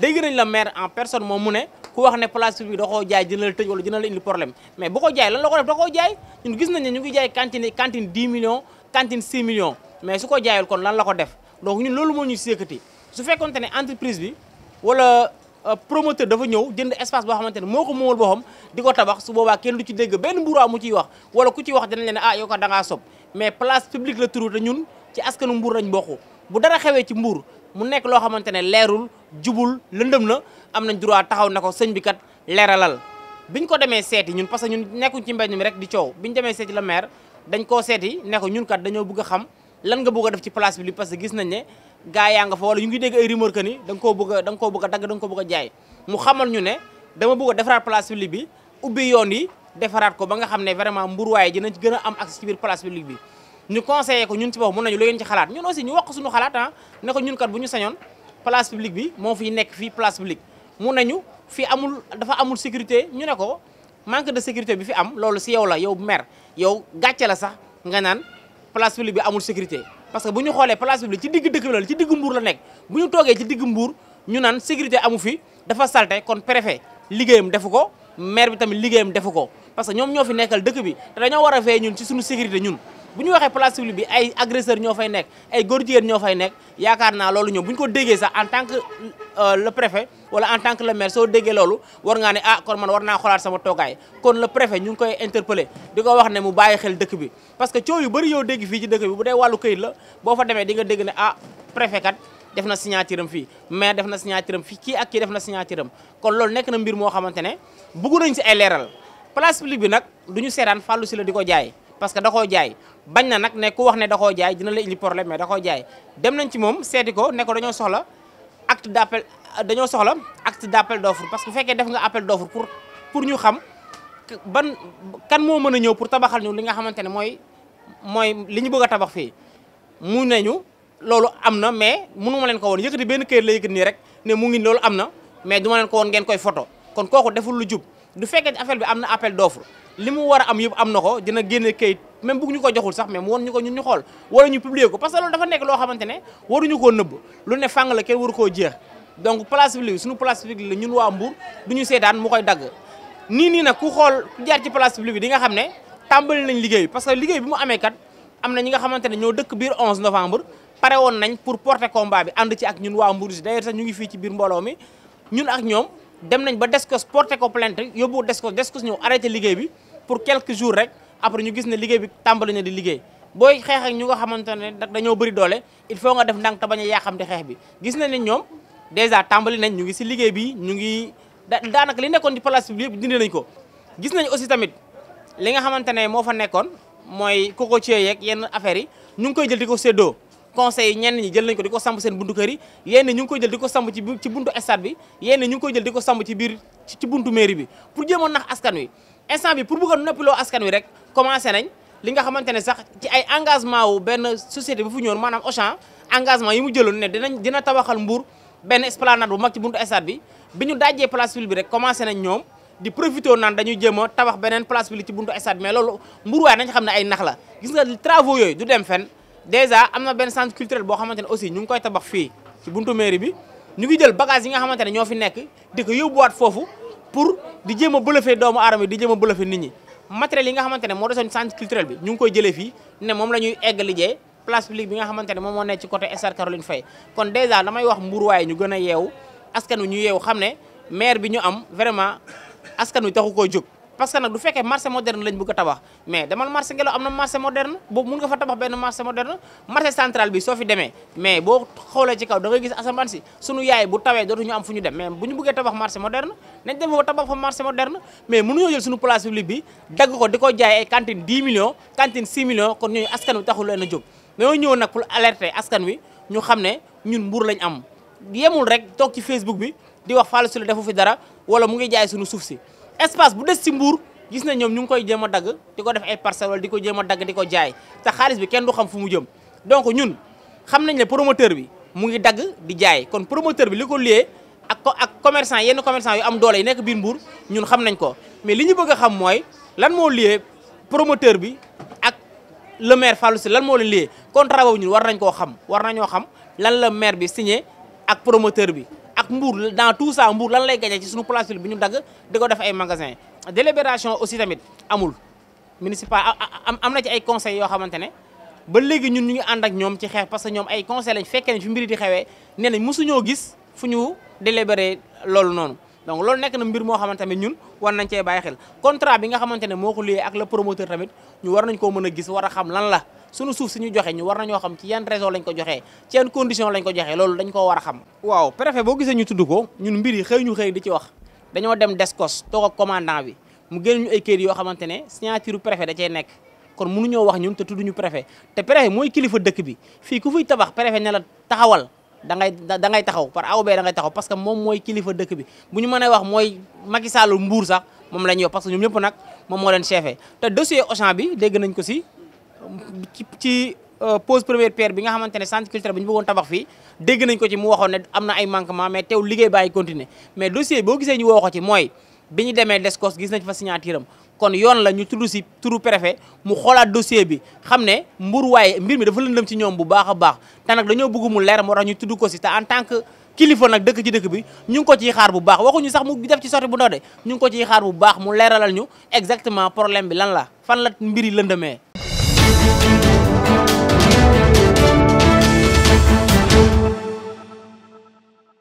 dégg nañ la maire en personne moom mu ne ku wax ne place publique da koo jaay dina la tëj wala dina la indi problème mais bu ko jaay lan la ko def da koo jaay ñun gis nañ ne ñu ngi jaay cantine cantine 10 millions cantine 6 millions mais su ko jaayul kon lan la ko def donc ñun loolu moo ñu sékkati su fekkonte ne entreprise bi wala euh, promoteur dafa ñëw jënd espace boo xamante ne moo ko moomal boppam di ko tabax su boobaa kenn du ci dégg benn mbuuraa mu ciy wax wala ku ci wax dinañ leen ne ah yow ko da ngaa sob mais place askanu mbuur lañ bokk bu dara xewé ci mbour mu nek lo xamantene lérul leerul jubul na amna nañ droit taxaw nako señ bi kat leeralal biñ ko démé séti ñun parce ñun ci rek di ciow biñ démé séti la maire dañ ko séti ñun kat dañu bëgg xam lan nga bëgg def ci place bi parce gis nañ né gaay ya nga fa wala ñu ngi dégg ay rumeur que ni da ko bëgg a ko bëgg dag dagg ko bëgg jaay mu xamal ñu né dama bëgg a place bi ubi yoon yi défarat ko ba nga xam ne vraiment mburuwaay dinañ ci am accès ci bir place bi ñu conseillé ko ñun ci bop mu nañu lu ngeen ci xalaat ñun aussi ñu wax suñu xalaat ah ne ko ñun kat buñu sañon place publique bi mo fi nek fi place publique mu nañu fi amul dafa amul sécurité ñu ne ko manque de sécurité bi fi am lolu ci yow la yow maire yow gàcce la sax nga nan place publique bi amul sécurité parce que buñu xolé place publique ci digg dëkk bi la ci digg mbour la nek buñu toggé ci digg mbour ñu nan sécurité amu fi dafa salte kon préfet ligéyam defuko mer maire bi tamit ligéyam defuko parce que ñom ñofi fi nekkal dëkk bi te dañoo war a ñun ci suñu sécurité ñun bu ñu waxee place publique bi ay agresseur ñoo fay nekk ay góor jigéen ñoo fay nekk yaakaar naa loolu ñoom bu ñu ko déggee sax en tant que euh, le préfet wala en tant que le maire soo déggee loolu war ngaa ne ah kon man war naa xoolaat sama toogaay kon le préfet ñu ngi koy interpellé di ko wax ne mu bàyyi xel dëkk bi parce que coow yu bëri yow dégg fii ci dëkk bi bu dee wàllu këyit la boo fa demee di nga dégg ne ah préfet kat def na signature fii mais def na signature am fii kii ak kii def na signature am kon loolu nekk na mbir moo xamante ne bëggu nañ si ay leeral place publique bi nag du ñu seetaan fàllu si la di ko jaay parce que da koo jaay bañ na nak ne ku wax ne da koo jaay dina la indi problème mais da koo jaay dem nañ ci mom séti ko ne ko dañu soxla acte d'appel dañu soxla acte d'appel d'offre parce que bu def nga appel d'offre pour pour ñu xam ban kan mo meuna ñew pour tabaxal ñu li nga xamantene moy moy li ñu bëgg tabax fi mu nañu lolu amna mais mënu ma leen ko won yëkëti benn kër la yëkëti ni rek ne mu ngi lolu amna mais duma leen ko won ngeen koy photo kon koku deful lu jup du fekkee ne bi am na appel d'offre li mu war a am yëpp am na ko dina génne kayit même bu ñu ko joxul sax mais mu won ñu ko ñun ñu xool wala ñu publier ko parce que loolu dafa nekk loo xamante ne waruñu koo nëbb lu ne koo jeex donc place publique suñu place publique la ñun waa Mbour du ñu seetaan mu koy dagg nii nii nag ku xool ku jaar ci place publique bi di nga xam ne tàmbali nañ liggéey parce que liggéey bi mu amee kat am na ñi nga xamante ne ñoo dëkk biir 11 novembre pare woon nañ pour porter combat bi ànd ci ak ñun waa Mbour si d'ailleurs sax ñu ngi fii ci biir mbooloo mi ñun ak ñoom dem nañ ba des Descos porté ko plainte yóbbu ko Descos ñëw arrêté liggéey bi pour quelques jours rek après ñu gis ne liggéey bi tàmbali na di liggéey booy xeex ak ñu nga xamante ne dañoo bëri doole il faut nga def ndànk te yaa xam yàqamti xeex bi gis nañ ne ñoom dèjà tàmbali nañ ñu ngi si liggéey bi ñu ngi daanaka li nekkoon ci place bi yëpp dindi nañ ko gis nañ aussi tamit li nga xamante ne moo fa nekkoon mooy cocotier yeeg yenn affaires yi ñu ngi koy jël di ko séddoo conseil ñenn ñi jël nañ ko di ko samp seen buntu kër yi yenn ñu ngi koy jël di ko samp ci ci buntu stade bi jël di ko samp ci biir ci buntu mairie bi pour jéemoon nax askan wi instant bi pour bëggoon noppiloo askan wi rek commencé nañ li nga xamante ne sax ci ay engagement wu benn société bu fu ñëwoon maanaam Auchan engagement yi mu jëloon ne dinañ dina tabaxal Mbour benn esplanade bu mag ci buntu stade bi bi ñu dajjee place publique bi rek commencé nañ ñoom di profité naan dañuy jéem a tabax beneen place publique ci buntu stade bi mais loolu Mbour waaye nañ xam ne ay nax la gis nga travaux yooyu du dem fenn dèjà am na benn centre culturel boo xamante ne aussi ñu ngi koy tabax fii ci buntu mairie bi ñu ngi jël bagage yi nga xamante ne ñoo fi nekk di ko yóbbuwaat foofu pour di jéem a bëlëfee doomu aadama yi di jéem a bëlëfee nit ñi matériel yi nga xamante ne moo desoon centre culturel bi ñu ngi koy jëlee fii ne moom la ñuy egg liggéey place publique bi xamante ne moom moo nekk ci côté Stade Caroline Faye kon dèjà damay wax mburuwaay ñu gën a yeewu askan wi ñu yeewu xam ne maire bi ñu am vraiment askan wi taxu koo jóg parce que nag du fekkee marché moderne lañ bëgg tabax mais demal marché ngelaw amna marché moderne bo mën nga fa tabax ben marché moderne marché central bi so fi démé mais bo xolé ci kaw da ngay gis assemblée ci suñu yaay bu tawé dootu ñu am fuñu dem mais buñu bëggé tabax marché moderne nañ dem fa tabax fa marché moderne mais mënu ñu jël suñu place publique bi dag ko diko jaay ay cantine 10 millions cantine 6 millions kon ñuy askanu taxul leena jog jóg ñëw nak pour alerter askan wi ñu xamné ñun mbur lañ am yemul rek tok ci Facebook bi di wax Fallou le defu fi dara wala mu ngi jaay suñu souf si espace bu des ci mbuur gis nañ ñoom ñu ngi koy jëm a dagg di ko def ay parcelles di ko jéem a dagg di ko jaay te xaalis bi kenn du xam fu mu jëm donc ñun xam nañ ne promoteur bi mu ngi dagg di jaay kon promoteur bi li ko liyee ak ak commerçant yenn commerçant yu am doole yi nekk biir mbuur ñun xam nañ ko mais li ñu bëgg a xam mooy lan moo liyee promoteur bi ak le maire Fallou Sy lan moo leen liyee contrat boobu ñun war nañ koo xam war nañoo xam lan la maire bi signé ak promoteur bi ak Mbour dans tout ça Mbour lan lay gañe ci suñu place bi ñu dagg di def ay magasin délibération aussi tamit amul municipal am am na ci ay conseils yoo xamante ne ba léegi ñun ñu ngi ànd ak ñoom ci xeex parce que ñoom ay conseils lañ fekkee ne fi mbiri di xewee nee nañ mosuñoo gis fu ñu délibéré loolu noonu donc loolu nekk na mbir moo xamante ne ñun war nañ cee bàyyi xel contrat bi nga xamante ne moo ko lié ak le promoteur tamit ñu war nañ koo mën a gis war a xam lan la suñu suuf suñu joxe ñu war nañu xam ci yan raison lañ ko joxe ci yan condition lañ ko joxe loolu dañ ko wara xam waaw préfet bo gisé ñu tuddu ko ñun mbir yi ñu xey di ci wax dañoo dem descos toog ak commandant bi mu gën ñu ay kër yo xamantene signature préfet da cey nekk kon mënuñoo wax ñun te ñu préfet te préfet moy kilifa dëkk bi fi ku fuy tabax préfet ne la taxawal da ngay da ngay taxaw par awbe da ngay taxaw parce que moom moy kilifa dëkk bi bu ñu mënee wax moy Macky Sall mbour sax moom lañ yo parce que ñom ñep nak moom mo leen chefé te dossier Auchan bi dégg nañ ko ci ci ci euh, pose première pierre bi nga xamante ne centre culturel bi ñu bëggoon tabax fii dégg nañ ko ci mu waxoon ne am na ay manquement mais tew liggéey bàyyi continuer mais dossier boo gisee ñu woo ko ci mooy bi ñu demee Descos gis nañ fa signature kon yoon la ñu tudd si turu préfet mu xoolaat dossier bi xam ne mbur waaye mbir mi dafa lëndëm ci ñoom bu baax a baax te nag dañoo bëgg mu leer moo tax ñu tudd ko si te en tant que kilifa nag dëkk ci dëkk bi ñu ngi ko ciy xaar bu baax waxuñu sax mu def ci sorti bu ñu ngi ko ciy xaar bu baax mu leeralal ñu exactement problème bi lan la fan la mbir yi lëndëmee Thank you